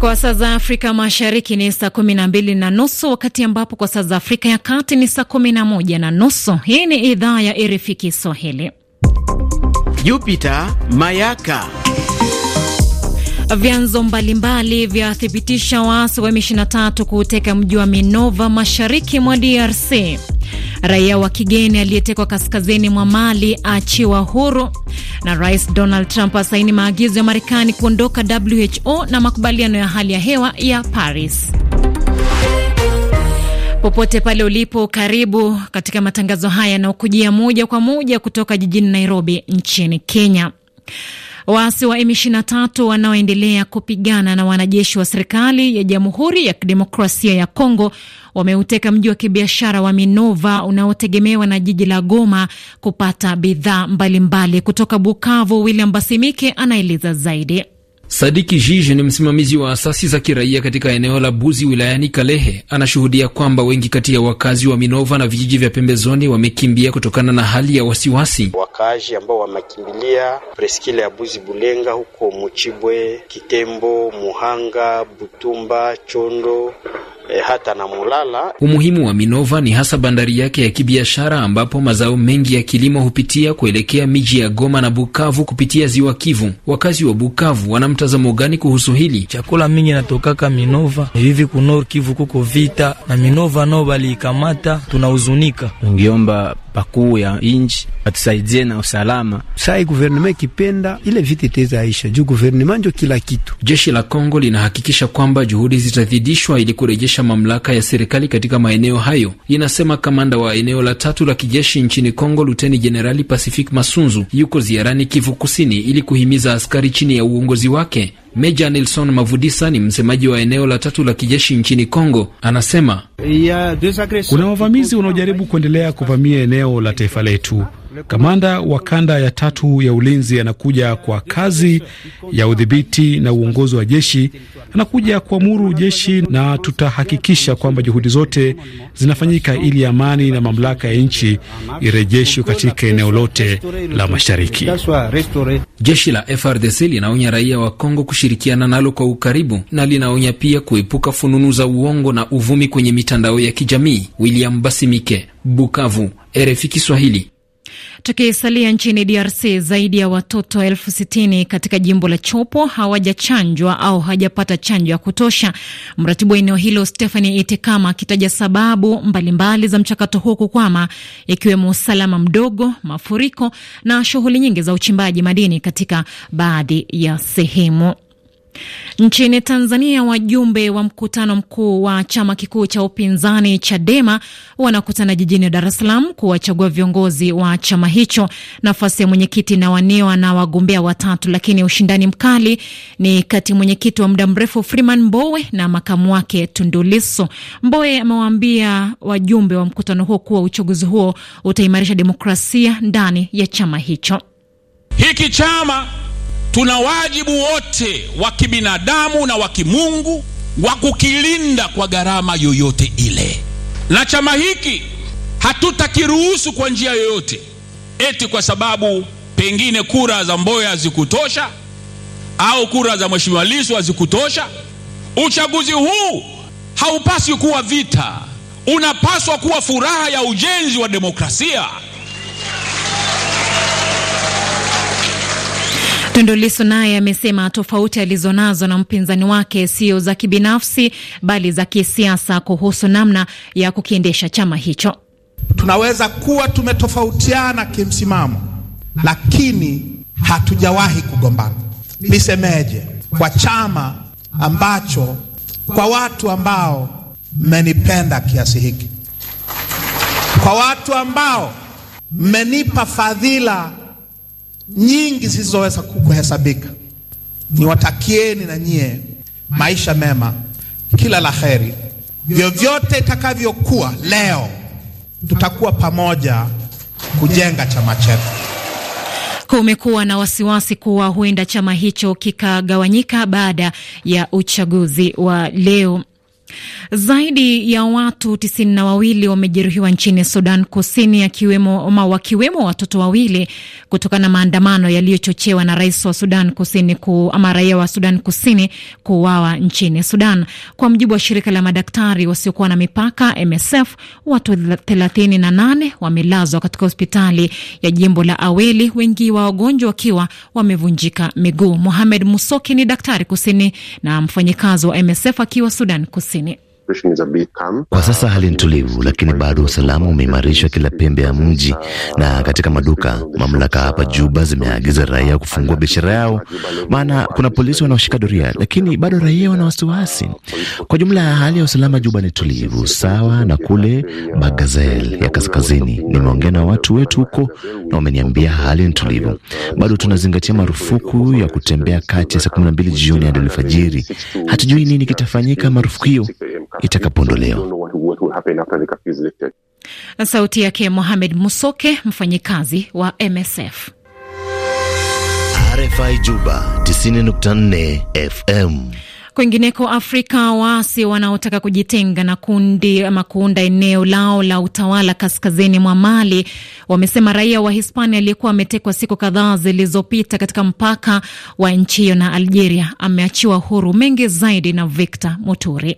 Kwa saa za Afrika Mashariki ni saa kumi na mbili na nusu, wakati ambapo kwa saa za Afrika ya Kati ni saa kumi na moja na nusu. Hii ni idhaa ya RFI Kiswahili. Jupiter Mayaka. Vyanzo mbalimbali vyathibitisha waasi wa M23 kuuteka mji wa Minova mashariki mwa DRC. Raia wa kigeni aliyetekwa kaskazini mwa Mali aachiwa huru, na Rais Donald Trump asaini maagizo ya Marekani kuondoka WHO na makubaliano ya hali ya hewa ya Paris. Popote pale ulipo, karibu katika matangazo haya yanayokujia moja kwa moja kutoka jijini Nairobi nchini Kenya. Waasi wa M23 wanaoendelea kupigana na wanajeshi wa serikali ya Jamhuri ya Kidemokrasia ya Kongo wameuteka mji wa kibiashara wa Minova unaotegemewa na jiji la Goma kupata bidhaa mbalimbali. Kutoka Bukavu, William Basimike anaeleza zaidi. Sadiki Jije ni msimamizi wa asasi za kiraia katika eneo la Buzi wilayani Kalehe. Anashuhudia kwamba wengi kati ya wakazi wa Minova na vijiji vya pembezoni wamekimbia kutokana na hali ya wasiwasi. Wakaaji ambao wamekimbilia preskile ya Buzi Bulenga, huko Muchibwe, Kitembo, Muhanga, Butumba, Chondo e, hata na Mulala. Umuhimu wa Minova ni hasa bandari yake ya kibiashara ambapo mazao mengi ya kilimo hupitia kuelekea miji ya Goma na Bukavu kupitia ziwa Kivu. Wakazi wa Bukavu wana mtazamo gani kuhusu hili? Chakula mingi natokaka Minova hivi kunor Kivu kuko vita na Minova nao baliikamata, tunahuzunika. Ungeomba pakuu ya inji atusaidie na usalama. Sai guvernema ikipenda ile vita aisha juu guvernema njo kila kitu. Jeshi la Kongo linahakikisha kwamba juhudi zitazidishwa ili kurejesha mamlaka ya serikali katika maeneo hayo, inasema kamanda wa eneo la tatu la kijeshi nchini Kongo, Luteni Jenerali Pacific Masunzu. Yuko ziarani Kivu Kusini ili kuhimiza askari chini ya uongozi wake Meja Nelson Mavudisa ni msemaji wa eneo la tatu la kijeshi nchini Kongo, anasema kuna wavamizi wanaojaribu kuendelea kuvamia eneo la taifa letu. Kamanda wa kanda ya tatu ya ulinzi anakuja kwa kazi ya udhibiti na uongozi wa jeshi, anakuja kuamuru jeshi, na tutahakikisha kwamba juhudi zote zinafanyika ili amani na mamlaka ya nchi irejeshwe katika eneo lote la mashariki. Jeshi la FRDC linaonya raia wa Kongo kushirikiana nalo kwa ukaribu, na linaonya pia kuepuka fununu za uongo na uvumi kwenye mitandao ya kijamii. William Basimike, Bukavu, RFI Kiswahili. Tukisalia nchini DRC, zaidi ya watoto elfu sitini katika jimbo la Chopo hawajachanjwa au hajapata chanjo ya kutosha, mratibu wa eneo hilo Stephanie Itekama akitaja sababu mbalimbali mbali za mchakato huo kukwama, ikiwemo usalama mdogo, mafuriko na shughuli nyingi za uchimbaji madini katika baadhi ya sehemu. Nchini Tanzania, wajumbe wa mkutano mkuu wa chama kikuu cha upinzani Chadema wanakutana jijini Dar es Salaam kuwachagua viongozi wa chama hicho. Nafasi ya mwenyekiti inawaniwa na wagombea watatu, lakini ushindani mkali ni kati mwenyekiti wa muda mrefu Freeman Mbowe na makamu wake Tunduliso. Mbowe amewaambia wajumbe wa mkutano huo kuwa uchaguzi huo utaimarisha demokrasia ndani ya chama hicho. Hiki chama tuna wajibu wote wa kibinadamu na wa kimungu wa kukilinda kwa gharama yoyote ile, na chama hiki hatutakiruhusu kwa njia yoyote, eti kwa sababu pengine kura za Mboya hazikutosha au kura za Mheshimiwa Lissu hazikutosha. Uchaguzi huu haupaswi kuwa vita, unapaswa kuwa furaha ya ujenzi wa demokrasia. Tundu Lissu naye amesema tofauti alizonazo na mpinzani wake sio za kibinafsi bali za kisiasa kuhusu namna ya kukiendesha chama hicho. Tunaweza kuwa tumetofautiana kimsimamo, lakini hatujawahi kugombana. Nisemeje kwa chama ambacho, kwa watu ambao mmenipenda kiasi hiki, kwa watu ambao mmenipa fadhila nyingi zisizoweza kuhesabika. Niwatakieni na nyie maisha mema, kila la heri. Vyovyote itakavyokuwa leo, tutakuwa pamoja kujenga chama chetu. Kumekuwa na wasiwasi kuwa huenda chama hicho kikagawanyika baada ya uchaguzi wa leo. Zaidi ya watu tisini na wawili wamejeruhiwa nchini Sudan Kusini, akiwemo wakiwemo watoto wawili kutokana na maandamano yaliyochochewa na rais wa Sudan Kusini ku, ama raia wa Sudan Kusini kuuawa nchini Sudan. Kwa mjibu wa shirika la madaktari wasiokuwa na mipaka MSF, watu thelathini na nane wamelazwa katika hospitali ya jimbo la Aweli, wengi wa wagonjwa wakiwa wamevunjika miguu. Mohamed Musoki ni daktari kusini na mfanyikazi wa MSF akiwa Sudan Kusini. Kwa sasa hali ni tulivu, lakini bado usalama umeimarishwa kila pembe ya mji na katika maduka. Mamlaka hapa Juba zimeagiza raia kufungua biashara yao, maana kuna polisi wanaoshika doria, lakini bado raia wana wasiwasi. Kwa jumla, ya hali ya usalama Juba ni tulivu, sawa na kule Bagazel ya kaskazini. Nimeongea na watu wetu huko na wameniambia hali ni tulivu. Bado tunazingatia marufuku ya kutembea kati ya saa kumi na mbili jioni hadi alfajiri. Hatujui nini kitafanyika marufuku hiyo itakapoondolewa. Sauti yake Mohamed Musoke, mfanyikazi wa MSF. RFI Juba 90.4 FM. Kwingineko Afrika, waasi wanaotaka kujitenga na kundi ama kuunda eneo lao la utawala kaskazini mwa Mali wamesema raia wa Hispania aliyekuwa ametekwa siku kadhaa zilizopita katika mpaka wa nchi hiyo na Algeria ameachiwa huru. Mengi zaidi na Victor Muturi.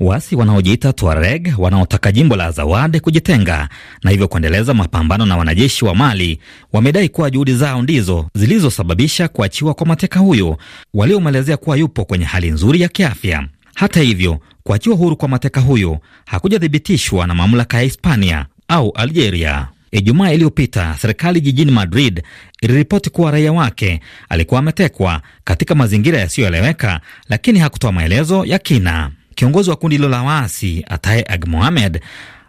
Waasi wanaojiita Tuareg wanaotaka jimbo la Zawad kujitenga na hivyo kuendeleza mapambano na wanajeshi wa Mali wamedai kuwa juhudi zao ndizo zilizosababisha kuachiwa kwa mateka huyo waliomwelezea kuwa yupo kwenye hali nzuri ya kiafya. Hata hivyo, kuachiwa huru kwa mateka huyo hakujathibitishwa na mamlaka ya Hispania au Algeria. Ijumaa iliyopita serikali jijini Madrid iliripoti kuwa raia wake alikuwa ametekwa katika mazingira yasiyoeleweka, lakini hakutoa maelezo ya kina. Kiongozi wa kundi hilo la waasi Atae Ag Mohamed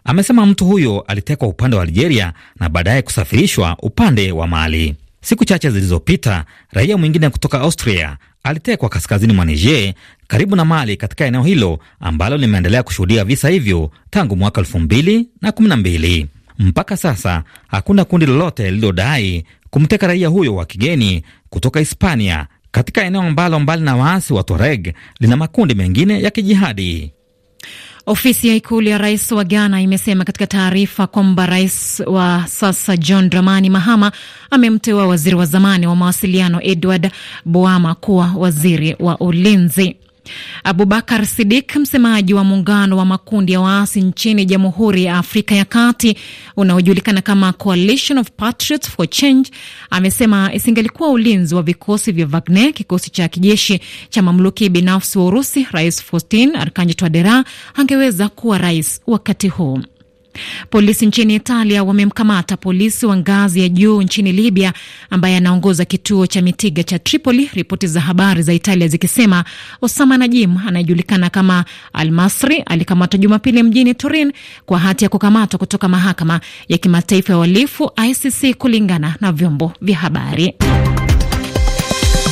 amesema mtu huyo alitekwa upande wa Algeria na baadaye kusafirishwa upande wa Mali. Siku chache zilizopita, raia mwingine kutoka Austria alitekwa kaskazini mwa Niger karibu na Mali, katika eneo hilo ambalo limeendelea kushuhudia visa hivyo tangu mwaka elfu mbili na kumi na mbili. Mpaka sasa hakuna kundi lolote lililodai kumteka raia huyo wa kigeni kutoka Hispania katika eneo ambalo mbali na waasi wa Tuareg lina makundi mengine ya kijihadi. Ofisi ya ikulu ya rais wa Ghana imesema katika taarifa kwamba rais wa sasa John Dramani Mahama amemteua waziri wa zamani wa mawasiliano Edward Boama kuwa waziri wa ulinzi. Abubakar Sidik, msemaji wa muungano wa makundi ya waasi nchini Jamhuri ya Afrika ya Kati unaojulikana kama Coalition of Patriots for Change, amesema isingelikuwa ulinzi wa vikosi vya Wagner, kikosi cha kijeshi cha mamluki binafsi wa Urusi, Rais Faustin Archange Touadera angeweza kuwa rais wakati huu. Polisi nchini Italia wamemkamata polisi wa ngazi ya juu nchini Libya ambaye anaongoza kituo cha Mitiga cha Tripoli, ripoti za habari za Italia zikisema Osama Najim anayejulikana kama Al-Masri alikamatwa Jumapili mjini Turin kwa hati ya kukamatwa kutoka mahakama ya kimataifa ya uhalifu ICC, kulingana na vyombo vya habari.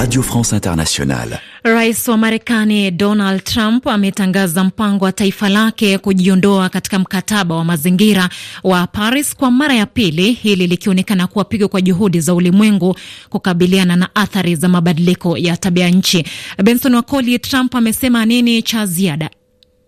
Radio France Internationale. Rais wa Marekani Donald Trump ametangaza mpango wa taifa lake kujiondoa katika mkataba wa mazingira wa Paris kwa mara ya pili, hili likionekana kuwa pigo kwa juhudi za ulimwengu kukabiliana na athari za mabadiliko ya tabia nchi. Benson Wakoli, Trump amesema nini cha ziada?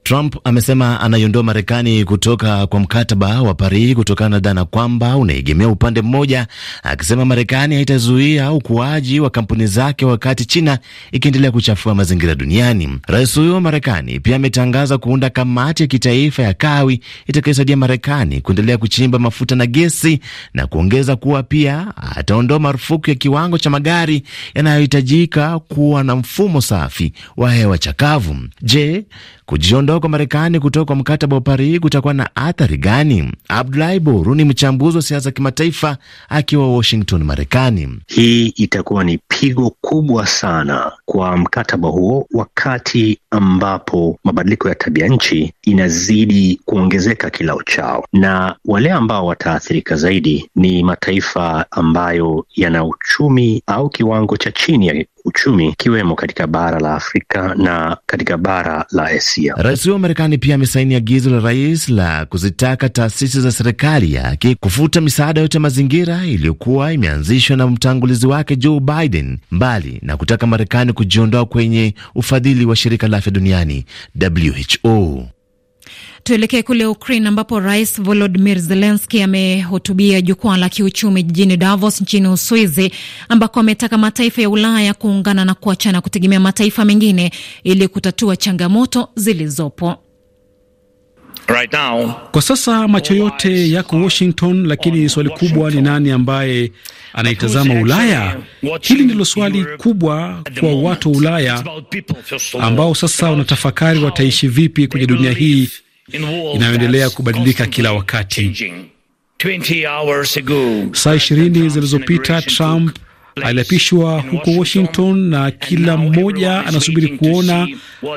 Trump amesema anaiondoa Marekani kutoka kwa mkataba wa Paris kutokana na dhana kwamba unaegemea upande mmoja, akisema Marekani haitazuia ukuaji wa kampuni zake wakati China ikiendelea kuchafua mazingira duniani. Rais huyo wa Marekani pia ametangaza kuunda kamati ya kitaifa ya kawi itakayosaidia Marekani kuendelea kuchimba mafuta na gesi na kuongeza kuwa pia ataondoa marufuku ya kiwango cha magari yanayohitajika kuwa na mfumo safi wa hewa chakavu. Je, kujiondoa kuondoka Marekani kutoka kwa mkataba wa Paris kutakuwa na athari gani? Abdulahi Boru ni mchambuzi wa siasa kimataifa akiwa Washington, Marekani. Hii itakuwa ni pigo kubwa sana kwa mkataba huo, wakati ambapo mabadiliko ya tabia nchi inazidi kuongezeka kila uchao, na wale ambao wataathirika zaidi ni mataifa ambayo yana uchumi au kiwango cha chini ya uchumi ikiwemo katika bara la Afrika na katika bara la Asia. Rais wa Marekani pia amesaini agizo la rais la kuzitaka taasisi za serikali yake kufuta misaada yote ya mazingira iliyokuwa imeanzishwa na mtangulizi wake Joe Biden, mbali na kutaka Marekani kujiondoa kwenye ufadhili wa shirika la afya duniani WHO. Tuelekee kule Ukraine ambapo rais Volodimir Zelenski amehutubia jukwaa la kiuchumi jijini Davos nchini Uswizi, ambako ametaka mataifa ya Ulaya kuungana na kuachana kutegemea mataifa mengine ili kutatua changamoto zilizopo right now. Kwa sasa macho yote yako Washington, lakini swali kubwa ni nani ambaye anaitazama Ulaya? Hili ndilo swali kubwa kwa watu wa Ulaya ambao sasa wanatafakari wataishi vipi kwenye dunia hii inayoendelea kubadilika kila wakati. Saa ishirini zilizopita Trump aliapishwa huko Washington na kila mmoja anasubiri kuona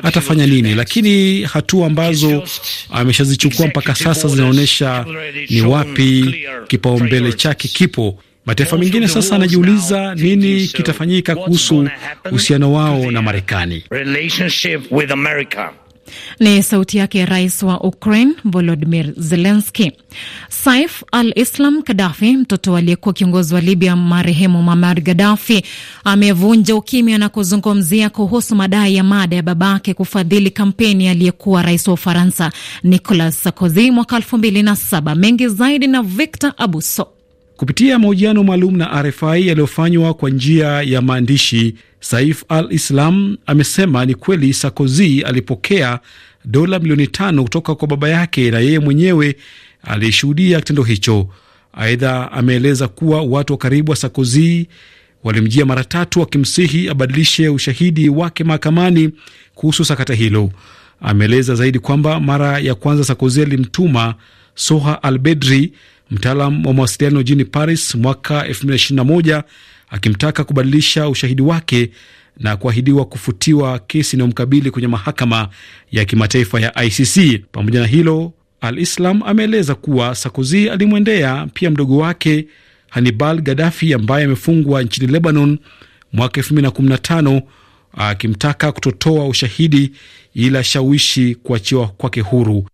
atafanya nini, lakini hatua ambazo ameshazichukua mpaka sasa zinaonyesha ni wapi kipaumbele chake kipo. Mataifa mengine sasa anajiuliza nini kitafanyika kuhusu uhusiano wao na Marekani. Ni sauti yake rais wa Ukraine Volodimir Zelenski. Saif al Islam Gaddafi, mtoto aliyekuwa kiongozi wa Libya marehemu Muammar Gaddafi, amevunja ukimya na kuzungumzia kuhusu madai ya mada ya babake kufadhili kampeni aliyekuwa rais wa Ufaransa Nicolas Sarkozy mwaka elfu mbili na saba. Mengi zaidi na Victor Abuso. Kupitia mahojiano maalum na RFI yaliyofanywa kwa njia ya maandishi, Saif al-Islam amesema ni kweli Sarkozy alipokea dola milioni tano kutoka kwa baba yake na yeye mwenyewe aliyeshuhudia kitendo hicho. Aidha, ameeleza kuwa watu wa karibu wa Sarkozy walimjia mara tatu wakimsihi abadilishe ushahidi wake mahakamani kuhusu sakata hilo. Ameeleza zaidi kwamba mara ya kwanza Sarkozy alimtuma Soha Albedri mtaalam wa mawasiliano jini Paris mwaka 2021 akimtaka kubadilisha ushahidi wake na kuahidiwa kufutiwa kesi inayomkabili kwenye mahakama ya kimataifa ya ICC. Pamoja na hilo, Al Islam ameeleza kuwa Sarkozy alimwendea pia mdogo wake Hannibal Gaddafi ambaye amefungwa nchini Lebanon mwaka 2015 akimtaka kutotoa ushahidi ila shawishi kuachiwa kwake huru.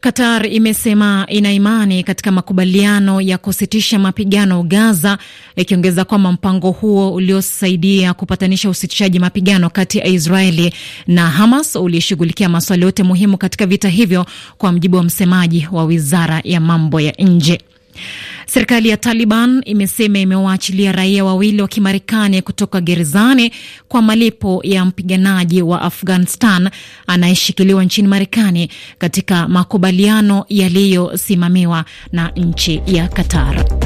Qatar imesema ina imani katika makubaliano ya kusitisha mapigano Gaza, ikiongeza kwamba mpango huo uliosaidia kupatanisha usitishaji mapigano kati ya Israeli na Hamas ulishughulikia maswali yote muhimu katika vita hivyo, kwa mjibu wa msemaji wa wizara ya mambo ya nje. Serikali ya Taliban imesema imewaachilia raia wawili wa Kimarekani kutoka gerezani kwa malipo ya mpiganaji wa Afghanistan anayeshikiliwa nchini Marekani katika makubaliano yaliyosimamiwa na nchi ya Qatar.